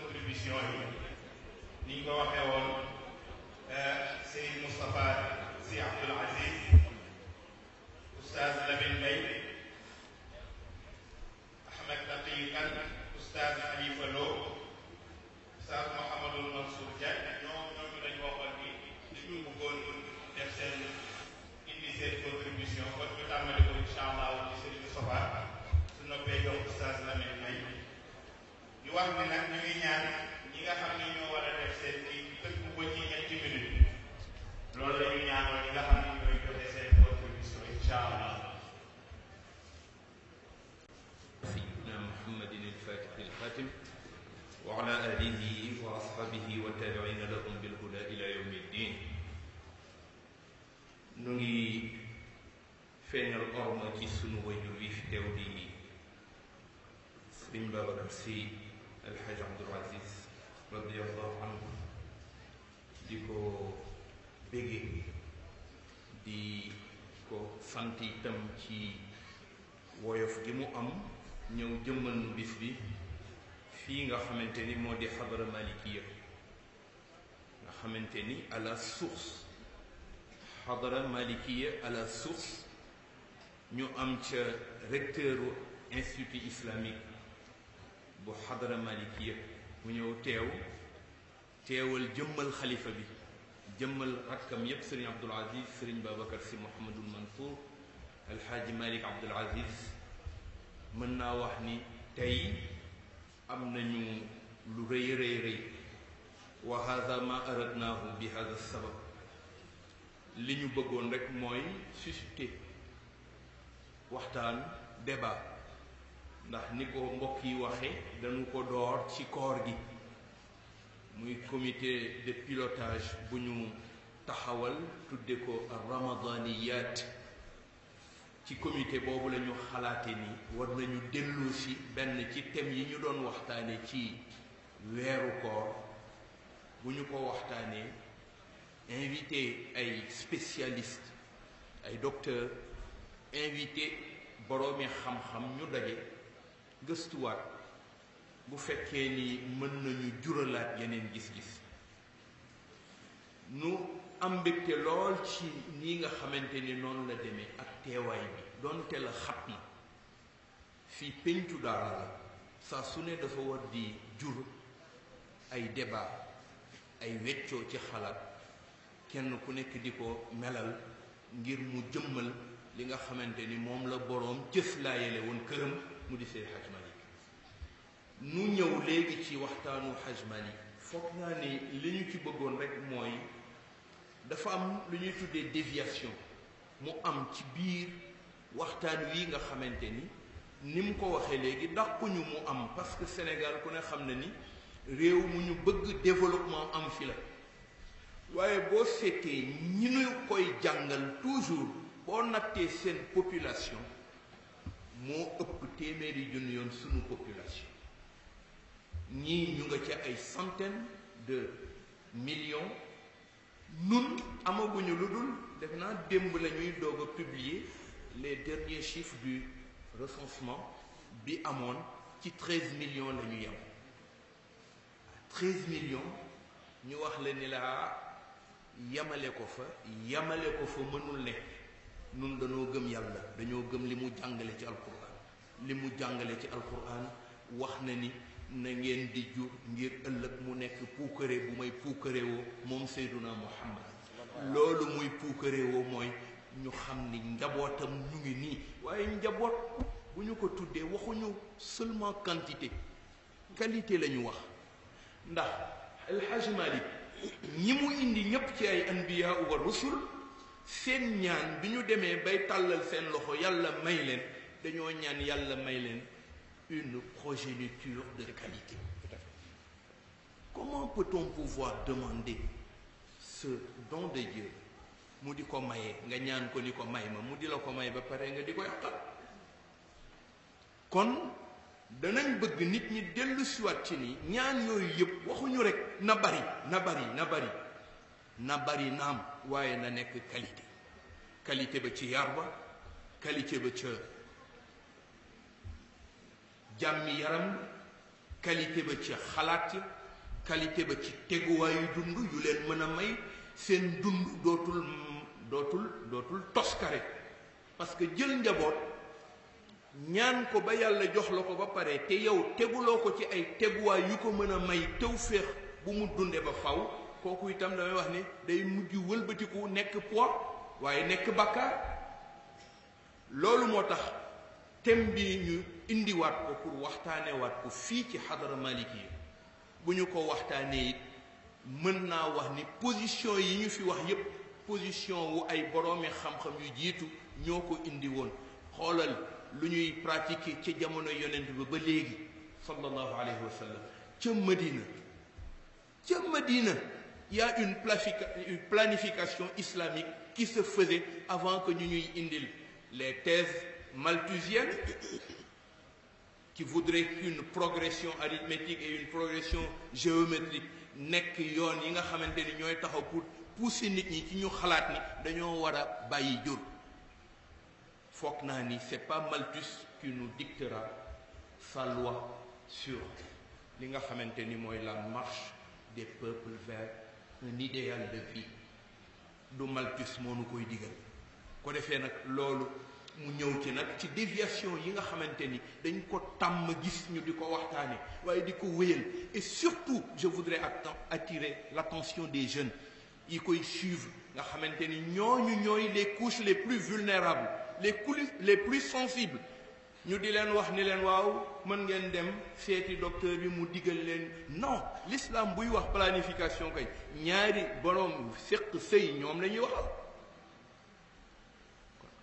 contribution yi ni ñu ko waxee woon eh, Seydou Moustapha Sy Abdoul Aziz Oustaz Lamine Mbaye Ahmed Taqiy Kane Oustaz Khalifa Lo Oustaz Mouhamed wax ne nag ñu ngi ñaan ñi nga xam ne ñoo war a def seen kii tënk ko ci ñetti minute loolu la ñu ñaanoo ñi nga xam ne ñooy joxe seen contribution incha allah سيدنا محمد الفاتح الخاتم وعلى آله وأصحابه والتابعين لهم بالهدى إلى يوم الدين nu ngi feeñal orma ci sunu wajur wi fi teew di Sëriñ Babacar Si El Hadj Aziz radiallahu anhu di ko béggee di ko sant itam ci woyof gi mu am ñëw jëmmal nu bis bi fii nga xamante ni moo di xadara malikiya nga xamante ni à la source xadara malikiya à source ñu am ca recteuru institut islamique bu xadara malikiya mu ñëw teew teewal jëmmal xalifa bi jëmmal rakkam yépp sëriñ abdul aziz sëriñ babacar si mouhamadul mansour alxaaji malik abdul aziz mën naa wax ni tey am nañu lu rëy rëy rëy wa hada ma aradnaahu bi hada sabab li ñu bëggoon rekk mooy susciter waxtaan débat ndax ni ko mbokk yi waxe dañu ko door ci koor gi muy comité de pilotage bu ñu taxawal tudde ko ramadaniyat ci comité boobu lañu xalaate ni war nañu dellu si benn ci thème yi ñu doon waxtaane ci weeru koor bu ñu ko waxtaanee invité ay spécialiste ay docteur invité boroomi xam-xam ñu daje gëstuwaat bu fekkee ni mën nañu juralaat yeneen gis-gis nu am mbégte lool ci nii nga xamante ni noonu la deme ak teewaay bi donte la xat na fii péncu daara la saa su ne dafa war di jur ay débat ay weccoo ci xalaat kenn ku nekk di ko melal ngir mu jëmmal li nga xamante ni moom la boroom jëf laa yele woon këram mu di Seydi Hadj nu ñëw léegi ci waxtaanu Hadj Malick foog naa ni li ñu ci bëggoon rek mooy dafa am lu ñuy tuddee déviation mu am ci biir waxtaan wi nga xamante ni ni mu ko waxee léegi dàquñu mu am parce que Sénégal ku ne xam na ni réew mu ñu bëgg développement am fi la waaye boo seetee ñi ñu koy jàngal toujours boo nattee seen population moo ëpp téeméeri junni yoon sunu population ñii ñu nga ci ay centaines de million nun amaguñu lu dul def naa démb la ñuy doog a publier les derniers chiffres du recensement bi amoon ci treize millions la ñu yem treize ñu wax la ni laa yemale ko fa yemale ko fa mënul nekk nun dañoo gëm yàlla dañoo gëm li mu jàngale ci alquran li mu jàngale ci alquran wax na ni na ngeen di jur ngir ëllëg mu nekk puukare bu may puukare woo moom Seyduna Muhammad loolu muy puukare woo mooy ñu xam ni njabootam ñu ngi nii waaye njaboot bu ñu ko tuddee waxuñu seulement quantité qualité la ñu wax ndax El Hadj ñi mu indi ñépp ci ay anbiya wa rusul seen ñaan bi ñu demee bay tàllal seen loxo yàlla may leen dañoo ñaan yàlla may leen une progéniture de qualité comment peut-on pouvoir demander ce don de Dieu mu di ko maye nga ñaan ko ni ko may ma mu di la ko may ba pare nga di ko yàqal kon danañ bëgg nit ñi dellu siwaat ci ni ñaan yooyu yëpp waxuñu rek na bari na bari na bari na bari naam waaye na nekk qualité qualité ba ci yar ba qualité ba ca jàmmi yaram qualité ba ci xalaat yi qualité ba ci teguwaayu dund yu leen mën a may seen dund dootul dootul dootul toskare parce que jël njaboot ñaan ko ba yàlla jox la ko ba pare te yow teguloo ko ci ay teguwaay yu ko mën a may tëw féex bu mu dunde ba faw kooku itam damay wax ni day mujj wëlbatiku nekk poids waaye nekk bàkkaar loolu moo tax thème bi ñu indiwaat ko pour waxtaanewaat ko fii ci xadara maliki yi bu ñu ko waxtaanee it mën naa wax ni position yi ñu fi wax yépp position wu ay boroomi xam-xam yu jiitu ñoo ko indi woon xoolal lu ñuy pratiquer ci jamono yonent bi ba léegi sallallahu alayhi wa ca Madina ca Madina il y a une planification islamique qui se faisait avant que ñu ñuy indil les thèses malthusiennes qui voudraient qu'une progression arithmétique et une progression géométrique nekk yoon yi nga xamante ni ñooy taxaw pour pousser nit ñi ci ñu xalaat ni dañoo war a bàyyi jur foog naa ni c'est pas Malthus qui nous dictera sa loi sur li nga xamante ni mooy la marche des peuples vers un idéal de vie du Malthus moo nu koy digal ko defee nag loolu mu ñëw ci nag ci déviation yi nga xamante ni dañ ko tàmm gis ñu di ko waxtaanee waaye di ko wéyal et surtout je voudrais attirer l'attention des jeunes yi koy suivre nga xamante ni ñooñu ñooy les couches les plus vulnérables les couches les plus sensibles ñu di leen wax ni leen waaw mën ngeen dem seeti docteur bi mu diggal leen non l'islam buy wax planification kay ñaari borom séq sëy ñoom lañuy wax waxal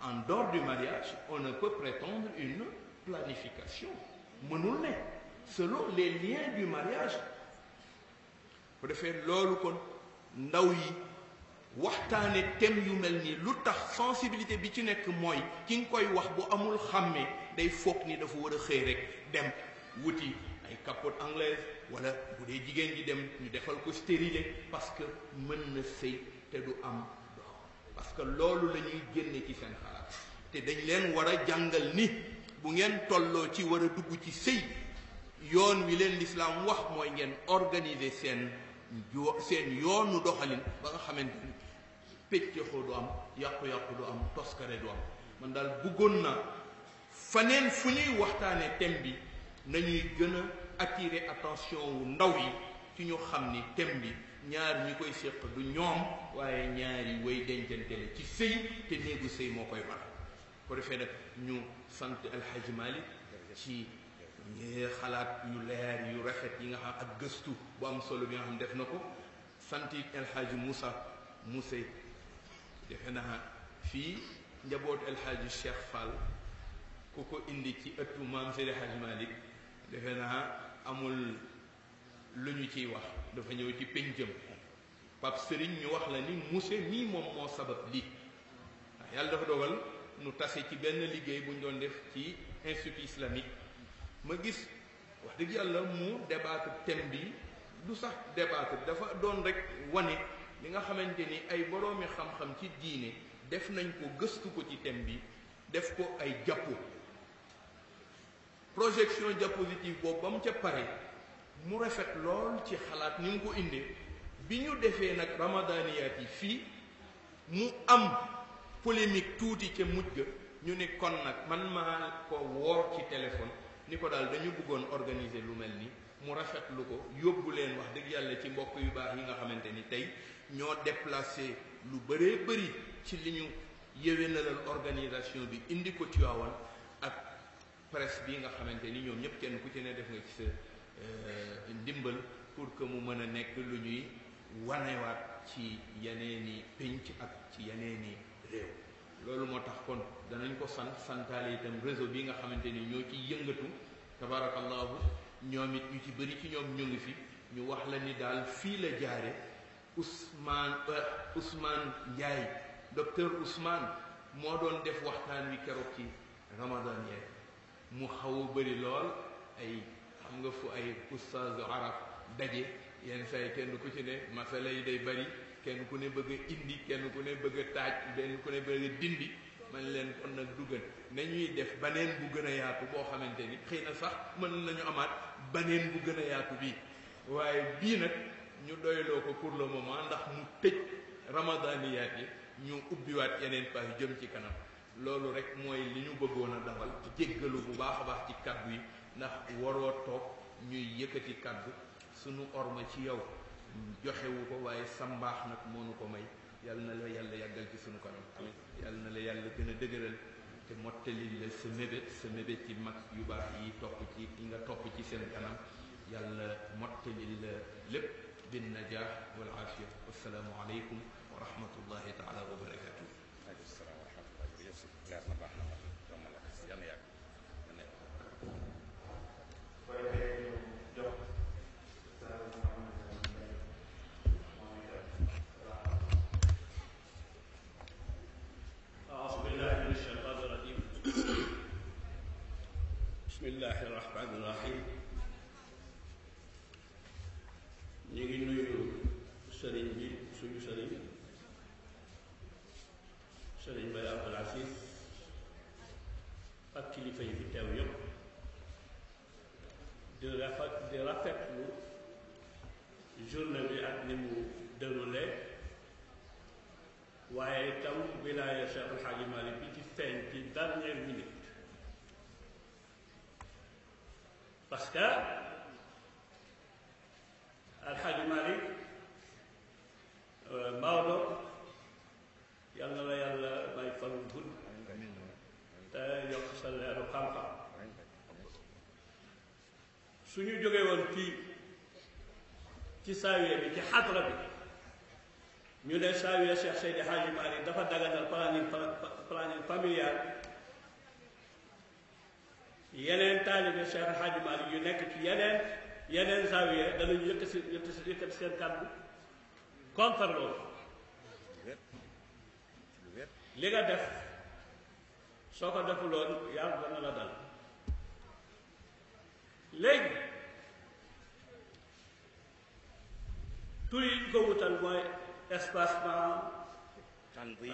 en dehors du mariage on ne peut prétendre une planification mënul ne selon les liens du mariage bu defee loolu kon ndaw yi waxtaane thème yu mel nii lu tax sensibilité bi ci nekk mooy ki nga koy wax bu amul xàmmee day foog ni dafa war a xëy rek dem wuti ay capote anglaise wala bu dee jigéen ji dem ñu defal ko stérilé parce que mën na sëy te du am doom parce que loolu la ñuy génne ci seen xalaat te dañ leen war a jàngal ni bu ngeen tolloo ci war a dugg ci sëy yoon wi leen lislaam wax mooy ngeen organiser seen seen yoonu doxalin ba nga xamante ni pécc xoo du am yàqu-yàqu du am toskare du am man daal bëggoon naa faneen fu ñuy waxtaane thème bi nañuy gën a attirer attention wu ndaw yi ci ñu xam ni thème bi ñaar ñi koy séq du ñoom waaye ñaari way dencante ci sëy te néegu sëy moo koy waral ko defee nag ñu sant alxaji Malik ci xalaat yu leer yu rafet yi nga xam ak gëstu bu am solo bi nga xam def na ko sant alxaji Moussa Mousse defe naa fii njaboot alxaji Cheikh Fall ku ko indi ci ëttu maam Seydi Hadj Malick defe naa amul lu ñu ciy wax dafa ñëw ci péncam Pape Serigne ñu wax la ni monsieur mii moom moo sabab lii yàlla dafa dogal nu tase ci benn liggéey bu ñu doon def ci institut islamique ma gis wax dëgg yàlla mu débattre thème bi du sax débattre dafa doon rek wane li nga xamante ni ay boroomi xam-xam ci diine def nañ ko gëstu ko ci thème bi def ko ay jàppo projection diapositive boobu ba mu ca pare mu rafet lool ci xalaat ni mu ko indee bi ñu defee nag ramadaniyaat yi fii mu am polémique tuuti ca mujj ga ñu ni kon nag man maa ko woor ci téléphone ni ko daal dañu bëggoon organiser lu mel ni mu rafetlu ko yóbbu leen wax dëgg yàlla ci mbokk yu baax yi nga xamante ni tey ñoo déplacé lu bëree bëri ci li ñu yéwénalal organisation bi indi ko Tiwaawan presse bii nga xamante ni ñoom ñëpp kenn ku ci ne def nga ci sa euh, ndimbal pour que mu mën a nekk lu ñuy wanewaat ci yeneeni pénc ak ci yeneeni réew loolu moo tax kon danañ ko sant santaale itam réseau bii nga xamante ni ñoo ci yëngatu tabarakallahu ñoom it ñu ci bëri ci ñoom ñu ngi fi ñu wax la ni daal fii la jaare Ousmane euh, Ousmane Ndiaye docteur Ousmane moo doon def waxtaan wi keroog ci Ramadan yeeg mu xaw a bëri lool ay xam nga fu ay oustaz arab daje yenn saa yi kenn ku ci ne masala yi day bari kenn ku ne bëgg a indi kenn ku ne bëgg taaj benn ku ne bëgg a dindi man leen kon nag du gën nañuy def baneen bu gën a yaatu boo xamante ni xëy na sax mën nañu amaat baneen bu gën a yaatu bii waaye bii nag ñu doyloo ko pour le moment ndax mu tëj ramadaniyaat yi ñu ubbiwaat yeneen paax jëm ci kanam loolu rek mooy li ñu bëggoon a dafal jéggalu bu baax a baax ci kaddu yi ndax waroo toog ñuy yëkkati kaddu sunu orma ci yow joxewu ko waaye sa mbaax nag moo nu ko may yal na la yàlla yàggal ci sunu kanam yal na la yàlla gën a dëgëral te mottali la sa mébét sa mébét ci mag yu baax yi topp ci yi nga topp ci seen kanam yàlla mottali la lépp bin najaax wal aafiya wassalaamu aleykum wa rahmatullahi taala wa barakatuh بسم الله الرحمن الرحيم ñu ngi nuyu sëriñ bi suñu sëriñ sëriñ Baye Abdou Aziz ak kilifa yi fi teew di rafet di rafetlu journée bi ak ni mu déroulé waaye itam wilaaya Cheikh El Hadji Malick bi ci feeñ ci dernière minute su ñu woon ci ci saawiya bi ci xadra bi ñu ne saawiya Cheikh Seydi Hadji Malick dafa daganal planning planning familial yeneen taalibe Cheikh Hadji Malick yu nekk ci yeneen yeneen saawiya danañu yëkkati si yëkkati seen kàddu contre loolu li nga def soo ko defuloon yàlla dana la dal léegi tur yi ñu ko wutal mooy espacement tanzim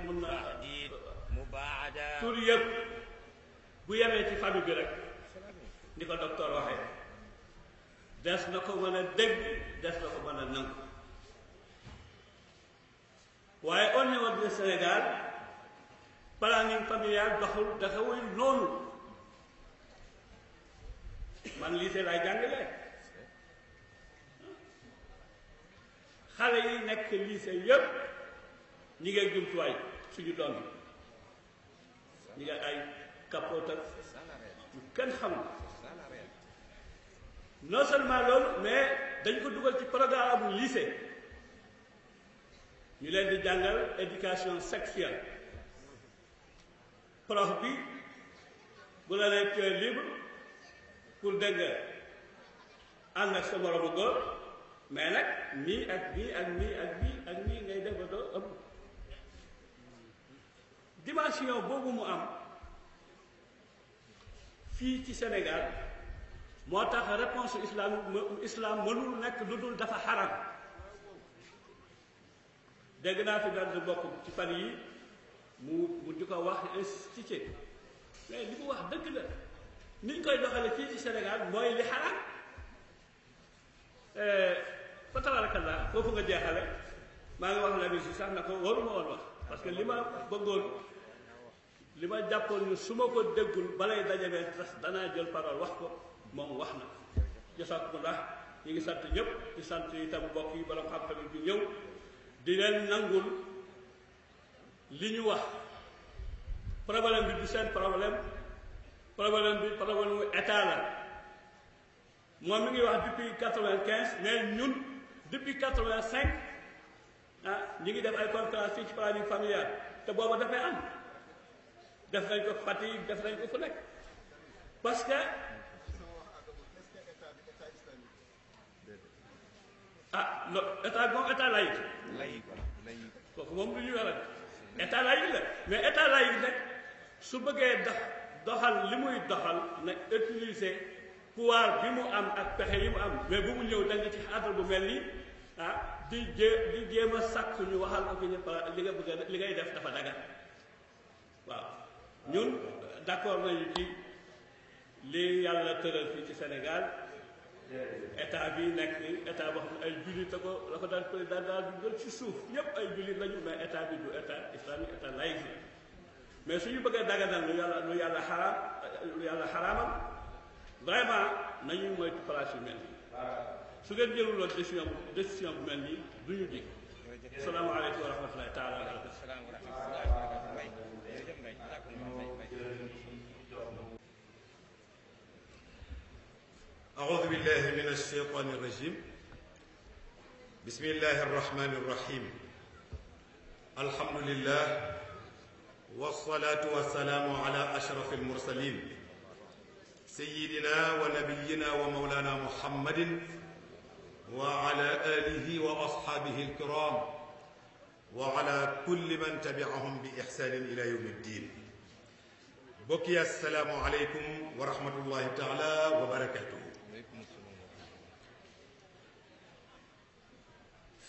euh, mun na tur yëpp bu yemee ci fadu bi rek ni ko docteur waxee des na ko mën a dégg des na ko mën a nangu waaye au niveau du Sénégal planning familial doxul dafa wuy noonu man lycée laay jàngale xale yi nekk lycée yépp ñi ngi ak jumtuwaay suñu doom ñi ngi ay capote ak ñu kenn xamul non seulement loolu mais dañ ko dugal ci programme bu lycée ñu leen di jàngal éducation sexuelle prof bi bu la nee tu libre pour dégg nga ak sa moromu góor mais nag nii ak nii ak nii ak nii ngay def doo ëpp dimension boobu mu am fii ci Sénégal moo tax réponse islam islam mënul nekk lu dul dafa xaram dégg naa fi benn bokk ci fan yi mu mu di ko wax insisté mais li mu wax dëgg la. niñ koy doxale fii ci Sénégal mooy li xalaat eh, fa tabarakallah foofu nga jeexale maa ngi wax la ni sax na ko waruma woon wax parce que li ma bëggoon li ma jàppoon ni su ma ko déggul balay dajabee tas danaa jël parole wax ko moom wax na jasakumullah ñi ngi sant ñëpp di sant itam mbokk yi borom xam-xam yi ñëw di leen nangul li ñu wax problème bi du seen problème problème bi problème mu état la moom mi ngi wax depuis quatre-vingt-quinze mais ñun depuis quatre-vingt-cinq ah ñu ngi def ay conférence fii ci planning familial te booba dafay am def nañ ko Fatick def nañ ko fu nekk parce que ah non état moom état laïque kooku moom lu ñuy waral état laïque la mais état laïque nag su bëggee def doxal li muy doxal nag utiliser pouvoir bi mu am ak pexe yi mu am mais bu mu ñëw danga ci xadra bu mel ni ah di jé di jéem a sàkk ñu waxal ko fi ne li nga bëgg li ngay def dafa daga waaw ñun d'accord nañu ci li yàlla tëral fii ci Sénégal état bi nekk état boo ay jullit la ko la ko daan président daal di jël ci suuf ñépp ay jullit lañu mais état bi du état islamique état laïque mais suñu bëggee daganal lu yàlla lu yàlla xaraam lu yàlla xaraamal vraiment nañuy moytu place yu mel nii su ngeen jëlul woon décision décision bu mel nii du ñu jig salaamaaleykum wa rahmatullahi taala wa أعوذ بالله من الشيطان الرجيم بسم الله الرحمن الرحيم الحمد لله والصلاة والسلام على أشرف المرسلين سيدنا ونبينا ومولانا محمد وعلى آله وأصحابه الكرام وعلى كل من تبعهم بإحسان إلى يوم الدين بكي السلام عليكم ورحمة الله تعالى وبركاته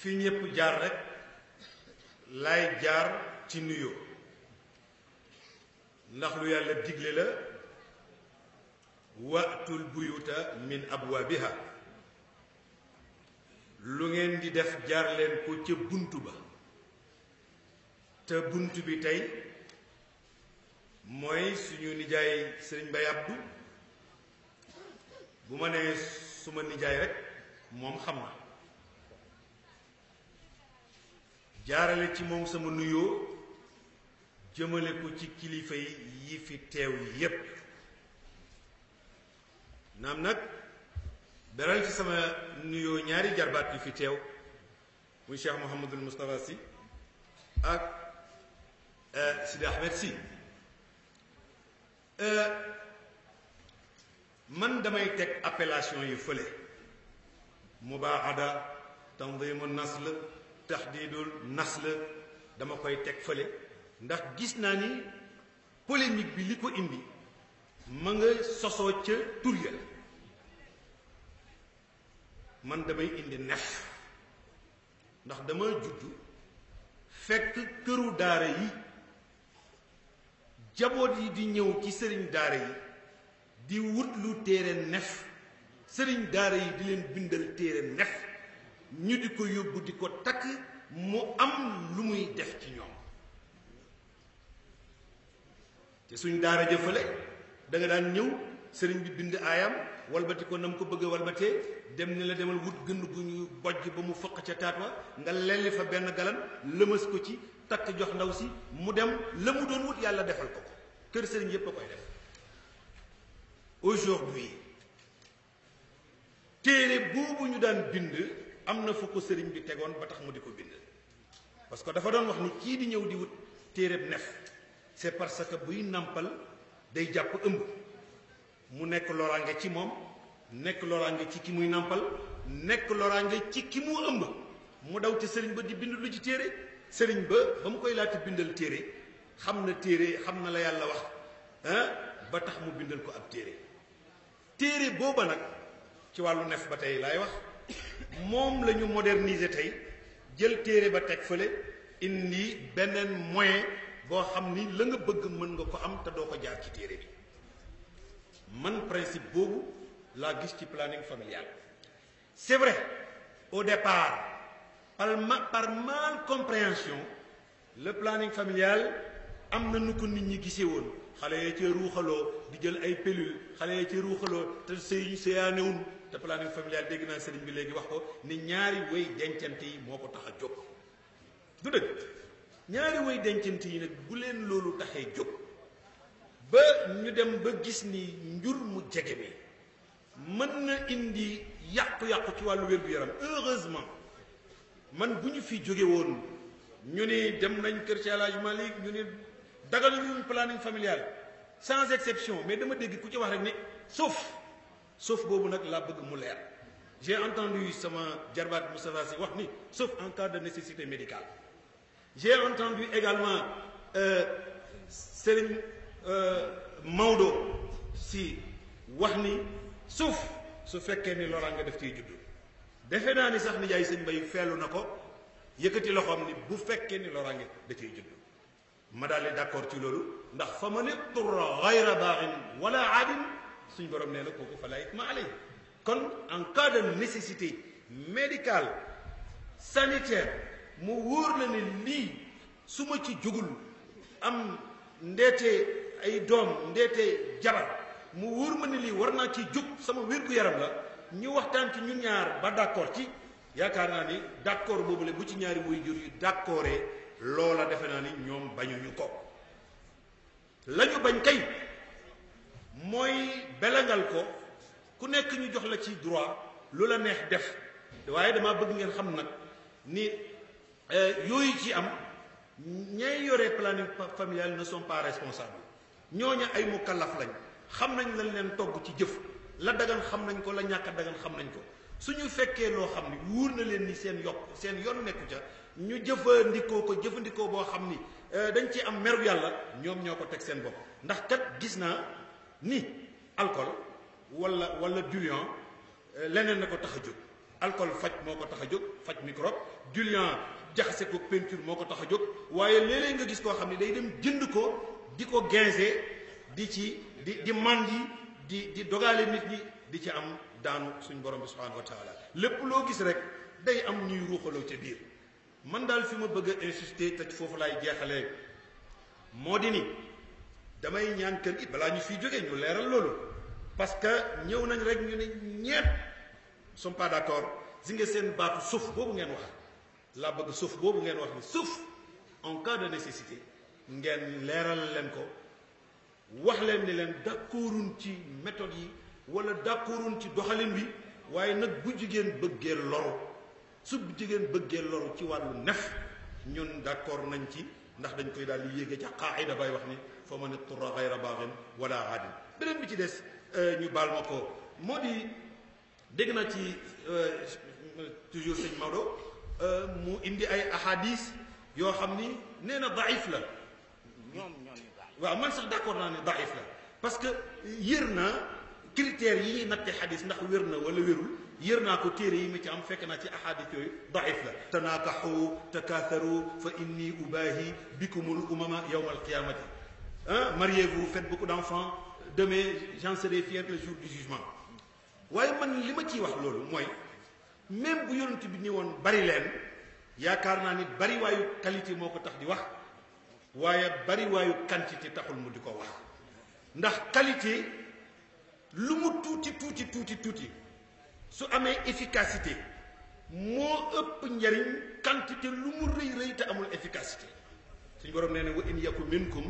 fi ñëpp jaar rek lay jaar ci nuyoo ndax lu yàlla digle la waatul buyuta min abwaabiha lu ngeen di def jaar leen ko ca bunt ba te bunt bi tey mooy suñu nijaay sëriñ Bay Abdu bu ma nee suma nijaay rek moom xam na jaarale ci moom sama nuyoo jëmale ko ci kilifa yi yi fi teew yépp naam nag beral ci sama nuyoo ñaari jarbaat yu fi teew muy Cheikh Mouhamadul Moustapha Sy ak eh, Sidi Ahmed eh, man damay teg appellation yu fële mubaada tandimu nasl taxdiidul nasl dama koy teg fële ndax gis naa ni polémique bi li ko indi ma nga sosoo ca tur man damay indi nef ndax dama juddu fekk këru daara yi jaboot yi di ñëw ci sëriñ daara yi di wut lu téere nef sëriñ daara yi di leen bindal téere nef ñu di ko yóbbu di ko takk mu am lu muy def ci ñoom ci suñ daara jëfale danga nga daan ñëw sëriñ bi bind aayam walbati ko nam ko bëgg a walbatee dem ni la demal wut gën gu ñu bojj ba mu fëq ca taat wa nga lelli fa benn galan lëmas ko ci takk jox ndaw si mu dem la mu doon wut yàlla defal ko ko kër sëriñ yépp a koy def aujourd'hui téere boobu ñu daan bind am na fu ko sëriñ bi tegoon ba tax mu di ko bind parce que dafa doon wax ni kii di ñëw di wut téereb nef c'est parce que buy nàmpal day jàpp ëmb mu nekk loraange ci moom nekk loraange ci ki muy nàmpal nekk loraange ci ki mu ëmb mu daw ci sëriñ ba di bind lu ci téere sëriñ ba ba mu koy laata bindal téere xam na téere xam na la yàlla wax ba tax mu bindal ko ab téere téere booba nag ci wàllu nef ba tey lay wax moom lañu ñu moderniser tey jël téere ba teg fële indi beneen moyen boo xam ni la nga bëgg mën nga ko am te doo ko jaar ci téere bi man principe boobu laa gis ci planning familial c'est vrai au départ par par mal compréhension le planning familial am na nu ko nit ñi gisee woon xale ya ci ruuxaloo di jël ay pilule xale ya ci ruuxaloo te sëy sëyaanewun te planning familial dégg naa sëriñ bi léegi wax ko ni ñaari way dencante yi moo ko tax a jóg du dëgg ñaari way dencante yi nag bu leen loolu taxee jóg ba ñu dem ba gis ni njur mu jege bi mën na indi yàqu-yàqu ci wàllu wér-gu-yaram heureusement man bu ñu fi jóge ñu ni dem nañ kër ci El Hadj Malick ñu ni dagaluñu planning familial sans exception mais dama dégg ku ci wax rek ne sauf sauf boobu nag laa bëgg mu leer j'ai entendu sama jarbaat Moustapha Sy wax ni sauf en cas de nécessité médicale J'ai entendu également euh, Serigne euh, Maodo si wax ni suuf su fekkee ni loraan def ciy juddu defe naa ni sax ni jaay sëñ bay feelu na ko yëkkati loxoom ni bu fekkee ni loraange da ciy juddu ma daal di d'accord ci loolu ndax fa ma ne turra gayra baaxin wala aadin suñ borom nee na kooku fa laay ma alay kon en cas de nécessité médicale sanitaire mu wóor la ne lii su ma ci jógul am ndeete ay doom ndeete jabar mu wóor ma ne lii war naa ci jóg sama wér-gu-yaram la ñu waxtaan ci ñu ñaar ba d'accord ci yaakaar naa ni d'accord boobule bu ci ñaari wuy jur yu d'accordee loola defe naa ni ñoom bañuñu ko la ñu bañ kay mooy belangal ko ku nekk ñu jox la ci droit lu la neex def waaye damaa bëgg ngeen xam nag ni Euh, yooyu ci am ñay yore planning familial ne sont pas ñoo ñooñu ay mukallaf lañ xam nañ lañ leen togg ci jëf la dagan xam nañ ko la ñàkk a dagan xam nañ ko suñu fekkee loo xam ni wóor na leen ni seen yokk seen yoon nekku ca ñu jëfandikoo ko jëfandikoo boo xam ni euh, dañ ci am meru yàlla ñoom ñoo ko teg seen bopp ndax kat gis naa ni alcool wala wala diluant euh, leneen na ko tax a jóg alcool faj moo ko tax a jóg faj microbe diluant jaxase ko peinture moo ko tax a jóg waaye léeg-léeg nga gis koo xam ne day dem jënd ko di ko ginze di ci di di mandi di di dogale nit ñi di ci am daanu suñ borom bi subhanahu wa taala lépp loo gis rek day am ñuy ruuxaloo ca biir man daal fi ma bëgg a insister te foofu laay jeexalee moo di ni damay ñaan kër gi balaa ñu fiy jógee ñu leeral loolu parce que ñëw nañ rek ñu ne ñeet sont pas d'accord si nga seen baatu suuf boobu ngeen wax laa bëgg suuf boobu ngeen wax ni suuf en cas de nécessité ngeen leeral leen ko wax leen ni leen d'accorduñ ci métode yi wala d'accorduñ ci doxalin bi waaye nag bu jigéen bëggee loru su bu jigéen bëggee loru ci wàllu nef ñun d'accord nañ ci ndax dañ koy daal di yéege ca qaayida bay wax ni fa man itturra gayra baaxin wala aadin beneen bi ci des euh, ñu baal ma ko moo di dégg na ci euh, toujours sëñ Maodo mu indi ay ahadis yoo xam ni nee na daif la waaw man sax d'accord naa ne daif la parce que yër naa critères yi ñuy natte xadis ndax wér na wala wérul yër naa ko téere yi ma ci am fekk naa ci ahadis yooyu daif la tanaakaxu takaasaru fa inni ubaahi bikumul umama yowma alqiyamati ah mariez-vous faites beaucoup d'enfants demain j'en serai fier le jour du jugement waaye man li ma ciy wax loolu mooy même bu yonent bi ni woon bari leen yaakaar naa ni bari waayu qualité moo ko tax di wax waaye bariwaayu quantité taxul mu di ko wax ndax qualité lu mu tuuti tuuti tuuti tuuti su amee efficacité moo ëpp njariñ quantité lu mu rëy rëy te amul efficacité suñ borom nee na wa in yaku minkum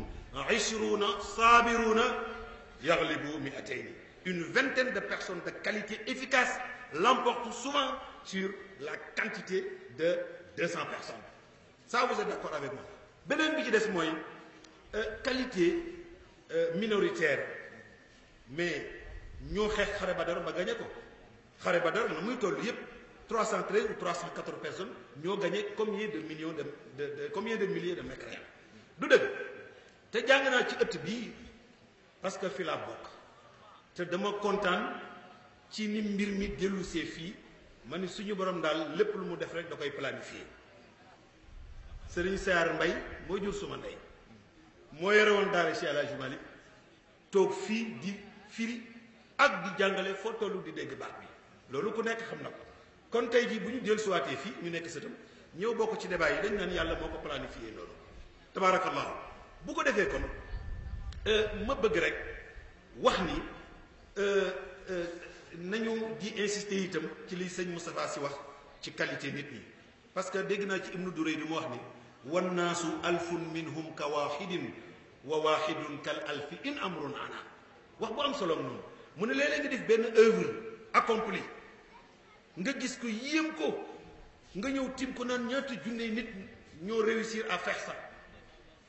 ishruuna saabiruuna yaglibu mi'atayni une vingtaine de personnes de qualité efficace l'emportent souvent sur la quantité de 200 personnes ça vous êtes d'accord avec moi beneen bi ci des mooy euh, qualité euh, minoritaire mais ñoo xeex xare ba dara ba gañe ko xare ba Badar na muy toll yépp 313 ou 314 personnes ñoo gagné combien de millions de de, de combien de milliers de mécréants du dëgg te jàng naa ci ëtt bi parce que fi laa bokk te dama kontaan ci ni mbir mi dellu fii ma ni suñu borom daal lépp lu mu def rek da koy planifié sëriñ Saar Mbay moo jur suma ndey moo yore woon daara si El toog fii di firi ak di jàngale foo tollu di dégg baat bi loolu ku nekk xam na ko kon tey jii bu ñu jël suwaatee fii ñu nekk sëtam ñëw bokk ci débat yi dañ naan yàlla moo ko planifié loolu tabaarakallahu bu ko defee kon euh, ma bëgg rek wax ni euh, euh, nañu di insister itam ci li sëñ Moustapha si wax ci qualité nit ñi parce que dégg naa ci ibnu Duray di mu wax ni wan naasu alfun minhum ka waaxidin wa waaxidun kal alfi in amrun ana wax bu am solo noonu mu ne léeg-léeg nga def benn œuvre accomplie nga gis ko yéem ko nga ñëw tim ko naan ñaata junne nit ñoo réussir à faire ça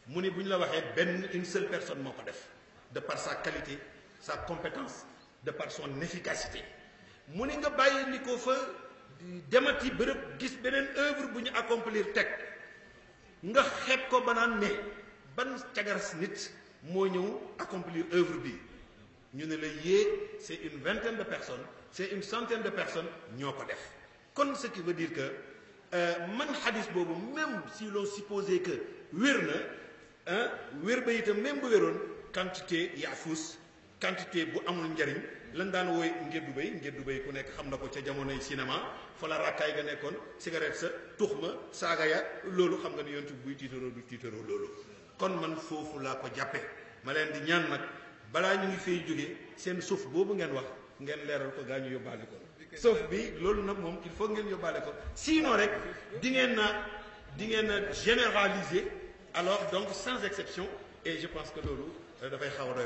mu ne bu ñu la waxee benn une seule personne moo ko def de par sa qualité sa compétence de par son efficacité mu ni nga bàyyi ni ko fa demati bërëb gis beneen œuvre bu ñu accomplir teg nga xeeb ko ba naan ne ban cagaras nit moo ñëw accomplir œuvre bi ñu ne la yée c'est une vingtaine de personnes c'est une centaine de personnes ñoo ko def kon ce qui veut dire que euh, man xadis boobu même si l'on supposait que wér na wér ba itam même bu wéroon quantité yaa fuus quantité bu amul njariñ lan daan wooy ngeddu bay ngeddu bay ku nekk xam na ko ca jamonoy cinéma fa la rakkaay ga nekkoon cigarette sa tux ma saaga ya loolu xam nga ne yontu buy tiitaroo du tiitaroo loolu kon man foofu laa ko jàppe ma leen di ñaan nag balaa ñu ngi fay jógee seen suuf boobu ngeen wax ngeen leeral ko gaa ñu yóbbaale ko sauf bi loolu nag moom il faut ngeen yóbbaale ko sinon rek di ngeen na di ngeen na généraliser alors donc sans exception je pense que euh, dafay xaw a doy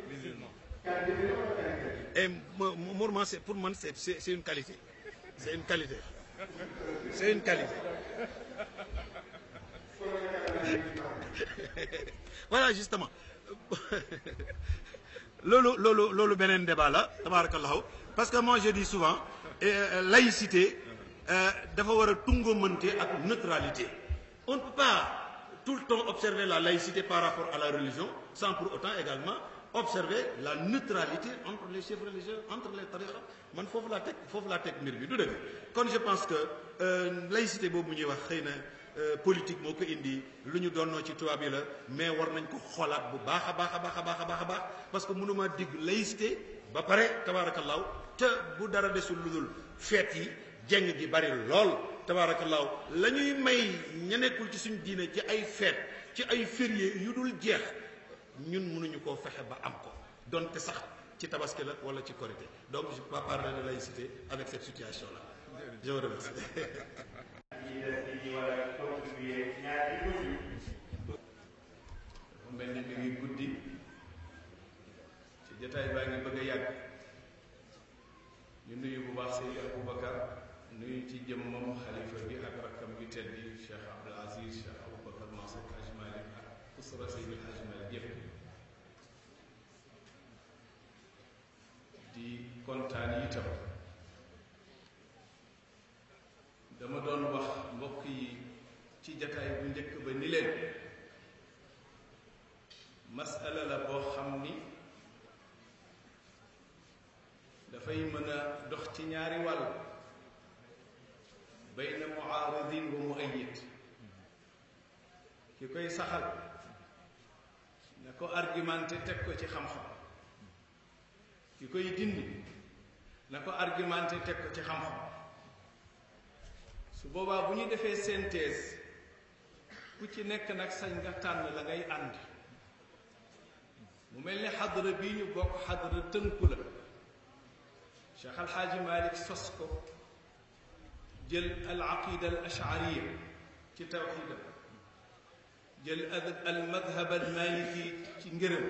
Et Mourman, pour man c'est une qualité. C'est une qualité. C'est une qualité. voilà, justement. Lolo, lolo, lolo, benen débat là, parce que moi je dis souvent, euh, laïcité, euh, d'avoir tungomonté ak neutralité. On ne peut pas tout le temps observer la laïcité par rapport à la religion, sans pour autant également observer la neutralité entre les chefs religieux entre les tariqa man foofu laa teg foofu laa teg mbir bi du dëgg kon je pense que euh, laïcité boobu ñuy wax xëy na euh, politique moo ko indi lu ñu doonnoo ci tubaab yi la mais war nañ ko xoolaat bu baax a baax a baax a baax a baax baax parce que mënuma digg laïcité ba pare tabaarakallaahu te bu dara desul lu dul feet yi jeng gi bari lool tabaarakallaahu la ñuy may ña nekkul ci suñu diine ci ay feet ci ay férié yu dul jeex ñun mënuñu koo fexe ba am ko donte sax ci tabaski la wala ci korité donc je ne peux pas parler de avec cette situation là. je vous remercie. mel ni mi ngi guddi ci jotaay baa ngi bëgg a yàgg ñu nuyu bu baax Seydi Aboubacar nuyu ci jëmmam xalifa bi ak rakkam bi tedd bi Abdul Aziz Cheikh Aboubacar Mansour Haj ak usra Seydi Haj Malick di kontaan itam dama doon wax mbokk yi ci jataay bu njëkk ba ni leen masala la boo xam ni dafay mën a dox ci ñaari wàll bayna muaaridin wa muayyid ki koy saxal na ko argumenté teg ko ci xam-xam ki koy dindi na ko argumenté teg ko ci xam-xam su boobaa bu ñu defee synthèse ku ci nekk nag sañ nga tànn la ngay ànd mu mel ni xadara bii ñu bokk xadara tënku la Cheikh Alxaaji Malik sos ko jël al aqida al ashariya ci tawxida jël al madhab al maliki ci ngërëm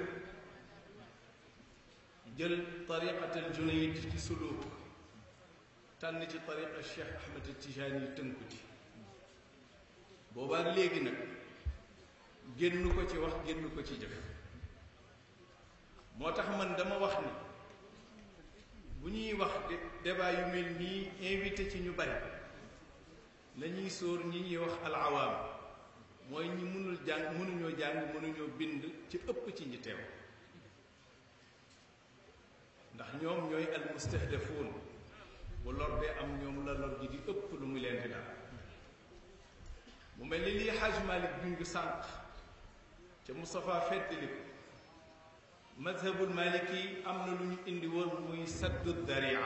jël tariqatal junayd ci suluuk tànn ci tariqa Cheikh Ahmed Tijaani yi tënku boobaa léegi nag génn ko ci wax génn ko ci jëf moo tax man dama wax ni bu ñuy wax débat yu mel nii invité ci ñu bari la ñuy sóor ñi ñuy wax alawaam mooy ñi mënul jàng mënuñoo jàng mënuñoo bind ci ëpp ci ñi teew ndax ñoom ñooy al mustahdafuun bu lor bee am ñoom la lor ji di ëpp lu mu leen di mu mel ni lii xaaj Malik junju sànq ca Moustapha feddali ko mazhabul maliki am na lu ñu indi woon muy saddu daria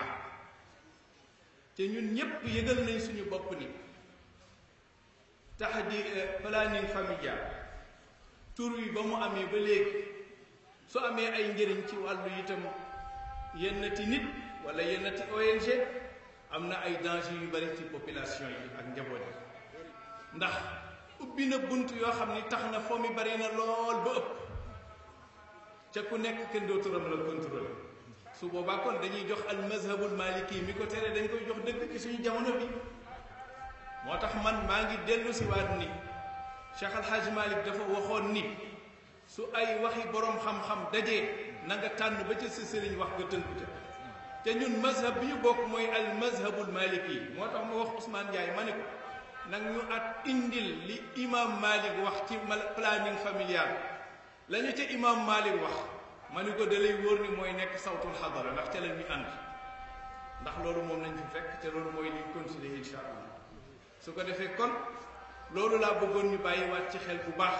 te ñun ñépp yëgal nañ suñu bopp ni tahdi eh, planning familial tur yi ba mu amee ba léegi su amee ay njëriñ ci wàllu itam yennati nit wala ti ONG am na ay danger yu bari ci population yi ak njaboot yi ndax ubbi na bunt yoo xam ni tax na fo mi bari na lool ba ëpp ca ku nekk kenn dooturam la contrôlé su boobaa kon dañuy jox al mazhabul maliki mi ko tere dañ koy jox dëgg ci suñu jamono bi moo tax man maa ngi dellu si waat ni Cheikh Al Hadj dafa waxoon ni su ay waxi boroom xam-xam dajee na nga tànn ba ca sa sëriñ wax nga tënku ca te ñun mazhab bi ñu bokk mooy al mazhabul maliki moo tax ma wax Ousmane Ndiaye ma ne ko nag ñu at indil li imam Malik wax ci planning familial la ñu ca imam Malik wax ma ne ko dalay wóor ni mooy nekk sawtu xadara ndax ca la ñuy ànd ndax loolu moom lañ fi fekk te loolu mooy liñ continuer incha su ko defee kon loolu laa bëggoon ñu bàyyiwaat ci xel bu baax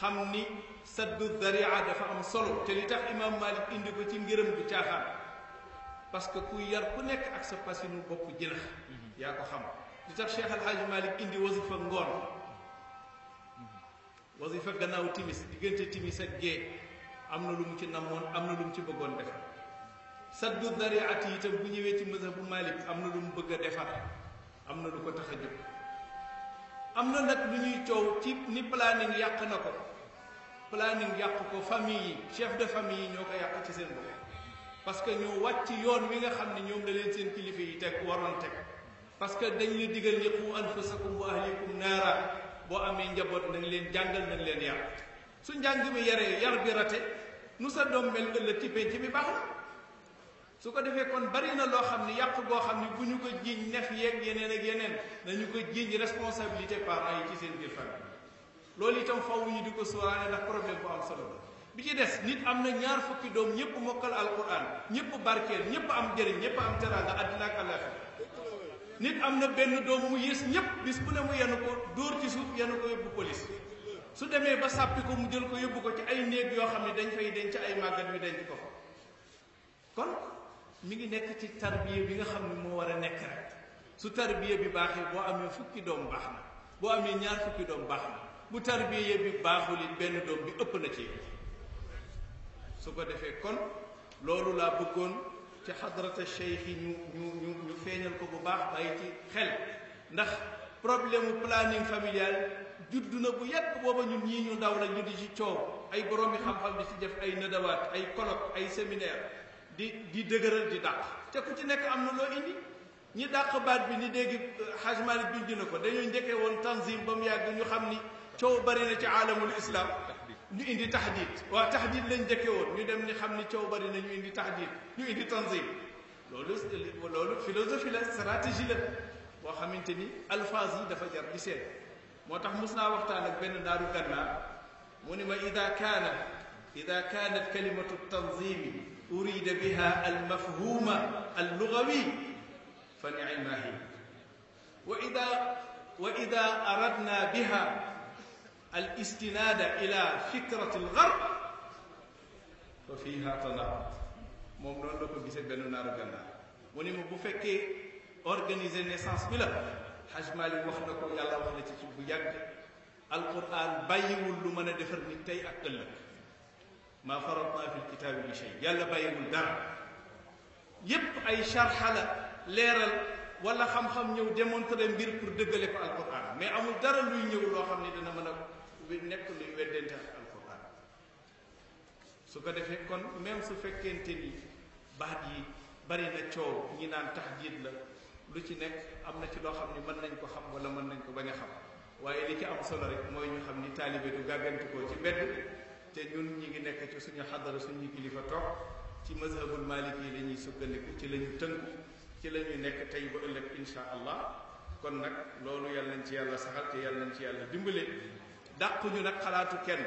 xam ni saddu zaria dafa am solo te li tax imam malik indi ko ci ngërëm bu caaxaan parce que ku yar ku nekk ak sa mu bopp jëlax yaa ko xam li tax cheikh alhaaji malik indi wasifa ngoon wasifa gannaaw timis diggante timis ak am na lu mu ci namoon am na lu mu ci bëggoon def saddu zariati itam bu ñëwee ci mazhabu malik am na lu mu bëgg a defar am na lu ko tax a jóg am na nag lu ñuy coow ci ni planning yàq na ko planning yàq ko famille yi chef de famille yi ñoo ko yàq ci seen bopp parce que ñu wàcc yoon wi nga xam ne ñoom da leen seen kilifa yi teg waroon teg parce que dañ digal ni qu anfusakum wa ahlikum naara boo amee njaboot nañ leen jàngal nañ leen yar su njàng mi yaree yar bi rate nu sa doom mel ëllëg ci penc mi su ko defee kon bari na loo xam ne yàq boo xam ne bu ñu ko jiiñ nef yeeg yeneen ak yeneen dañu ko jiiñ responsabilité parents yi ci seen biir famille loolu itam faw ñu di ko sóoraale ndax problème bu am solo bi ci des nit am na ñaar fukki doom ñëpp mokkal alquran ñëpp barkeel ñëpp am jëriñ ñëpp am teraanga àddina ak àllaaxira nit am na benn doom mu yées ñëpp bis bu ne mu yenu ko dóor ci suuf yenu ko yóbbu police su demee ba sàppi ko mu jël ko yóbbu ko ci ay néeg yoo xam ne dañ denc ay màggat wi denc ko fa mi ngi nekk ci tarbiya bi nga xam ne moo war a nekk rek su tarbiya bi baaxee boo amee fukki doom baax na boo amee ñaar fukki doom baax na bu tarbiya bi baaxul it benn doom bi ëpp na ci su ko defee kon loolu laa bëggoon ci xadrata cheikh yi ñu ñu ñu feeñal ko bu baax bàyyi ci xel ndax problème mu planning familial judd na bu yàgg booba ñu ñii ñu ndaw la ñu di ci coow ay boroomi xam-xam di ci def ay nadawaat ay colloque ay séminaire di di dëgëral di dàq te ku ci nekk am na loo indi ñi dàq baat bi ni dégg eh, Hajj Malik bind na ko dañoo njëkkee woon tanzim ba mu yàgg ñu xam ni coow bari na ci aalamul islam ñu indi tahdid waa tahdid la njëkke woon ñu dem ni xam ni coow bari na ñu indi tahdid ñu indi tanzim loolu loolu philosophie la stratégie la boo xamante ni alphase yi dafa jar di seet moo tax mos naa waxtaan ak benn naaru gànnaar mu ni ma ida kaana ida kaanat kalimatu tanzimi أريد بها المفهوم اللغوي فنعما هي وإذا وإذا أردنا بها الاستناد إلى فكرة الغرب ففيها تناقض moom noonu la ko gisee benn naaru gànnaar mu ni ma bu fekkee organiser naissance bi la Haj Malik wax na ko yàlla wax na ci ci bu yàgg alquran bàyyiwul lu mën a tey ak ëllëg maa faratna fi lkitaabi bi shay yàlla bàyyiwul dara yépp ay sharxa la leeral wala xam-xam ñëw démontrer mbir pour dëggale ko alquran mais amul dara luy ñëw loo xam ne dina mën a nekk luy weddente ak alquran su ko defee kon même su fekkente ni baat yi bari na coow ñi naan tax tahdiid la lu ci nekk am na ci loo xam ne mën nañ ko xam wala mën nañ ko bañ a xam waaye li ci am solo rek mooy ñu xam ni taalibe du koo ci mbedd te ñun ñi ngi nekk ci suñu xadara suñu kilifa toog ci mazhabul malik yi la ñuy sukkandiku ci la ñu tënku ci la ñuy nekk tey ba ëllëg insha allah kon nag loolu yàlla nañ ci yàlla saxal te yàlla nañ ci yàlla dimbale dàquñu nag xalaatu kenn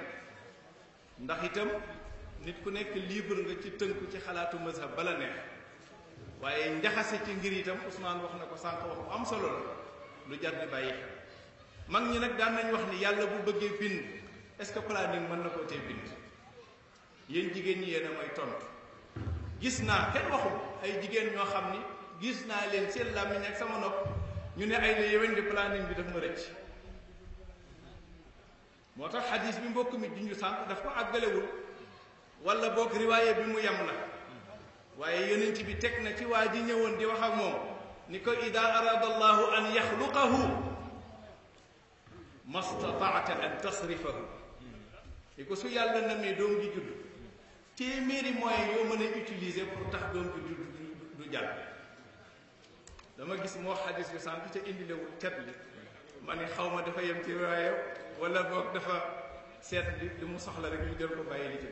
ndax itam nit ku nekk libre nga ci tënku ci xalaatu mazhab bala neex waaye njaxase ci ngir itam Ousmane wax na ko sànq wax bu am solo la lu jar di bàyyi xel mag ñi nag daan nañ wax ni yàlla bu bëggee bind est-ce que planning mën na koo tee bind yéen jigéen ñi yéen a tontu gis naa kenn waxu ay jigéen ñoo xam ni gis naa leen seen làmmiñ ak sama nopp ñu ne ay la yewen di planning bi daf ma rëcc moo tax xadis bi mbokk mi junju sànq daf ko àggalewul wala boog riwaaye bi mu yam la waaye yonent bi teg na ci waa ji ñëwoon di wax ak moom ni ko ida arada an yaxluqahu ma stataata an tasrifahu li ko su yàlla namee doom di judd téeméeri moyen yoo mën a utiliser pour tax doom bi judd du jàll dama gis moo xadis bi sànq te indilewul cat li ma ne xaw ma dafa yem ci waaye wala boog dafa seet li li mu soxla rek ñu jël ko bàyyi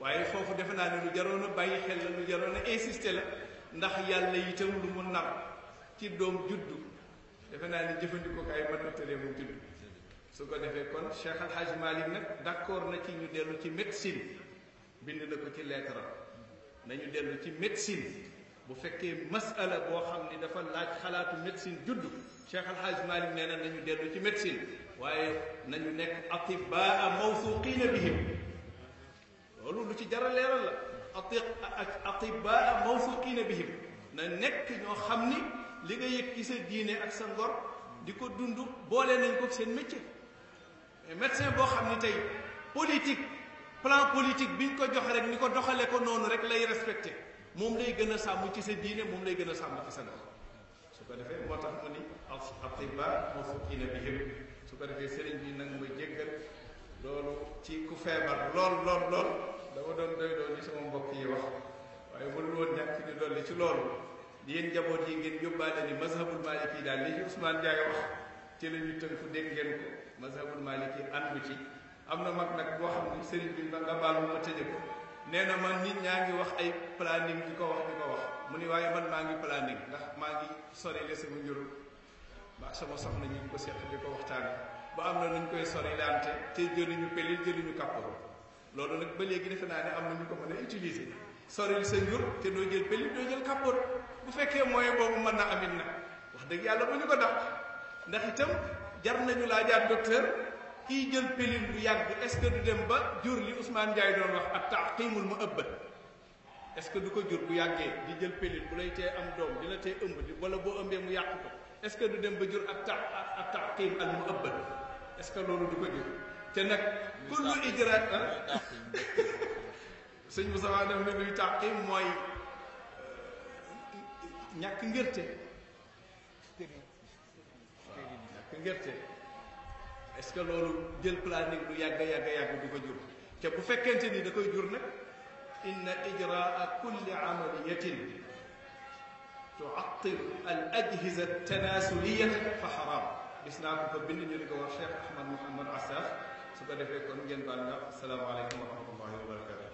waaye foofu defe naa ne lu jaroon a bàyyi xel la lu jaroon a insister la ndax yàlla itam lu mu nar ci doom juddu defe naa ne jëfandikoo kaay mën na tëlee mu juddu su ko defee kon Cheikh Al Hadj Malick nag d'accord na ci ñu dellu ci médecine bind na ko ci lettre nañu dellu ci médecine bu fekkee masala boo xam ni dafa laaj xalaatu médecine judd Cheikh Al Hadj nee na nañu dellu ci médecine waaye nañu nekk atibaa mawthuqina bihim loolu lu ci jara leeral la ati atibaa mawthuqina bihim na nekk ñoo xam ni li nga yëg ci sa diine ak sa ngor di ko dund boole nañ ko seen métier médecin boo xam ne tey politique plan politique bi ñu ko joxe rek ni ko doxale ko noonu rek lay respecté moom lay gën a sàmm ci sa diine moom lay gën a sàmm ci sa dox su ko defee moo tax mu ni atiba moo fukkiina bihim su ko defee sëriñ bi nag mooy jéggal loolu ci ku feebar lool lool lool dama doon doy doon ni sama mbokk yi wax waaye mënul woon ñàkk ñu dolli ci loolu yéen njaboot yi ngeen yóbbaale ni mazhabul maliki daal li Ousmane Ndiaye wax ci la ñu tënku dégg ngeen ko man mazhabul maliki ànd ci am na mag nag boo xam ne sëriñ bi nga baal ma ma tëje ko nee na man nit ñaa ngi wax ay planning di ko wax di ko wax mu ni waaye man maa ngi planning ndax maa ngi sorele sama njurul mbaa sama soxna ñu ngi ko seq di ko waxtaane ba am na nuñ koy sorelante te jëluñu pelil jëluñu kàpparo loolu nag ba léegi defe naa ne am na ñu ko mën a utiliser soril sa njur te doo jël pelil doo jël kàpparo bu fekkee mooy boobu mën na amit nag wax dëgg yàlla bu ñu ko dàq ndax jar nañu laajaat docteur kii jël pilule bu yàgg est-ce que du dem ba jur li Ousmane Ndiaye doon wax ak taqimul mu ëbbat est-ce que du ko jur bu yàggee di jël pilule bu lay tee am doom dina la tee ëmb di wala boo ëmbee mu yàq ko est-ce que du dem ba jur ak ta ak taqim al mu ëbbat est-ce que loolu du ko jur te nag kullu ijraat ah. sëñ Moussa Wade ne luy taqim mooy ñàkk ngërte gerte est-ce que loolu jël planning du yàgg yàgg yàgg du ko jur te bu fekkente ni da koy jur nag inna ijraa kulli amaliyatin tuattil al ajhiza tanasuliyata fa xaraam gis naa ko fa bind ñu di ko wax Cheikh Ahmad Mouhamad Assaf su ko defee kon ngeen baal nga asalaamaaleykum wa rahmatullahi wa barakatu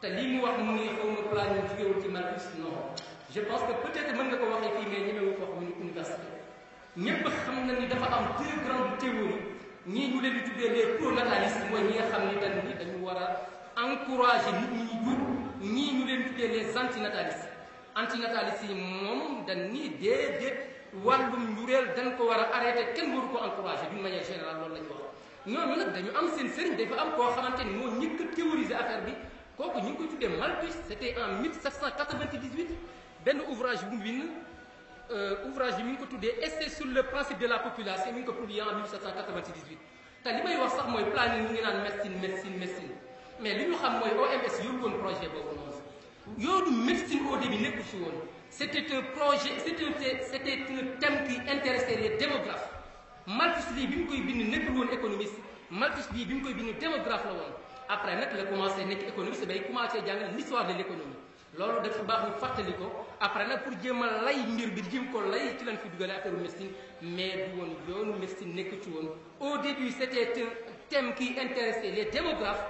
te lii mu wax mu ngi xaw ma plan ñu jugéewul ci marcus non je pense que peut-être mën nga ko waxee fii mais ñemewu ko wax mu université ñépp xam na ni dafa am deux grandes théories ñii ñu leen di tuddee les pronatalistes mooy ñi nga xam ne dañ ni dañu war a encourager nit ñi ñu jur ñii ñu leen tuddee les antinatalistes antinatalistes yi moom dañ ni déedéet wàllum njureel dañ ko war a arrêter kenn ko ko encourager d'une manière générale loolu lañu wax ñooñu a dañu am seen sëriñ dafa am koo xamante ni moo ñëkk a théoriser affaire bi kooku ñu ngi koy tuddee Malthus c'était en 1798 benn ouvrage bu mu bind euh, ouvrage bi mi ngi ko tuddee essai sur le principe de la population mi ngi ko publié en te li may wax sax mooy planning ñu ngi naan médecine médecine médecine mais li ñu xam mooy OMS yóbbu projet boobu noonu yoonu médecine au début nekku si woon c'était un projet c'était c'était un thème qui intéressait les démographes Malthus lii bi mu koy bind nekkul woon économiste Malthus bii bi mu koy bind démographe la woon après nag la commencé nekk économiste bay commencé jàng l'histoire de l'économie loolu dafa baax ñu fàttali ko après nag pour jéem a lay mbir bi jéem ko lay ci lañ fi dugalee affaire médecine mais du woon yoonu médecine nekk ci woon au début c'était un thème qui intéressait les démographes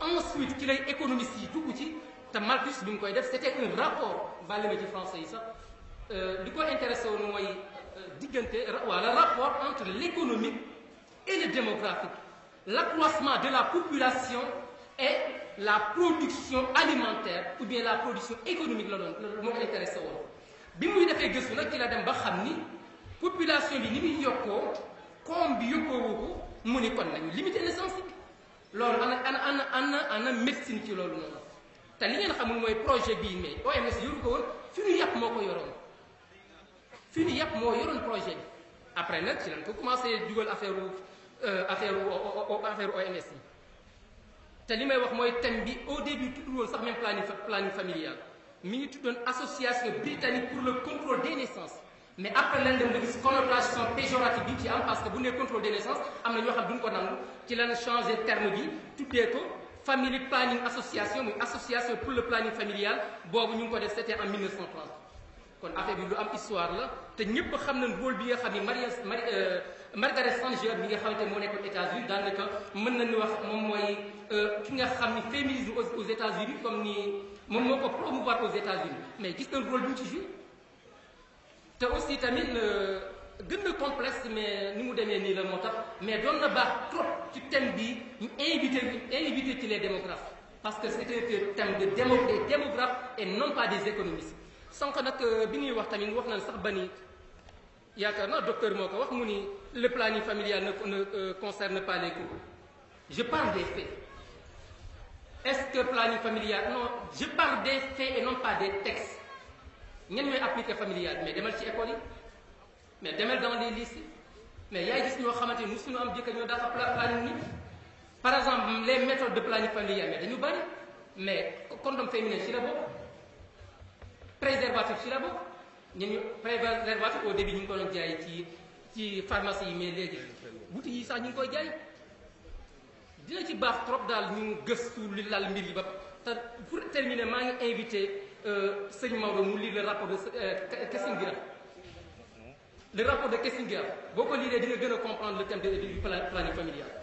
ensuite ci lay économistes yi dugg ci te Malthus bi mu koy def c'était un rapport bàyyi ma ci français yi sax euh, li ko intéressé woon mooy euh, diggante wala rapport entre l'économique et le démographique l'accroissement de la population et la production alimentaire ou bien la production économique la doon loolu moo ko intéressé bi muy defee gëstu nag ci la dem ba xam ni population bi ni muy yokkoo koom bi yokkoowu ko mu ni kon nañu limiter naissance bi loolu ana ana ana na médecine ci loolu noonu te li ngeen xamul mooy projet bii mais OMS yoru ko woon fi ñu yàpp moo ko yoroon fi ñu yàpp moo yoroon projet après nag ci lañ ko commencé dugal affaire Euh, affaire affaire OMS yi te li may wax mooy thème bi au début tudd woon sax même planning planning familial mi ngi tuddoon association britannique pour le contrôle des naissances mais après lan dem da gis connotation péjorative bi ci am parce bu ne contrôle des naissances am na ñoo xam duñ ko nangu ci lan changé terme bi tuddee ko family planning association muy association pour le planning familial boobu ñu ngi ko def c'était en 1930 kon affaire bi lu am histoire la ñëpp xam nañ rôle bi nga xam Margaret Sanger mi nga xam xamante moo nekkoon États-Unis daanaka mën nañu wax moom mooy euh, ki nga xam ni féminisme aux États-Unis comme nii moom moo ko promouvoir aux États-Unis mais gis nañ rôle bu ci joué te aussi tamit euh, gën na complexe mais ni mu demee nii la moo tax mais doon na baax trop ci thème bi ñu invité invité ci les démographes parce que c'est un thème de démo des démographes et non pas des économistes sànq nag euh, bi ñuy wax tamit wax nañ sax ba yaakaar naa docteur moo ko wax mu ni le planning familial ne ne euh, concerne pas les couples je parle des faits est-ce que planning familial non je parle des faits et non pas des textes ñen ñooy appliqué familial mais demal ci école yi mais demal dans les lycées mais yaay gis ñoo xamante ni suñu am jëkkër ñoo dafa planning ni par exemple les méthodes de planning familial mais dañu bëri mais condom féminin ci la bokk préservatif ci la bokk ñun préservatif au début ñu ngi ko doon jaay ci ci pharmacie yi mais léegi boutique yi sax ñu ngi koy jaay dina ci baax trop daal ñu gëstu li laal mbir yi ba te pour terminer maa ngi invité euh, sëñ Maodo mu lire le rapport de euh, Kessinguira le rapport de Kessinguira boo ko liiree di nga gën a comprendre le thème du planning familial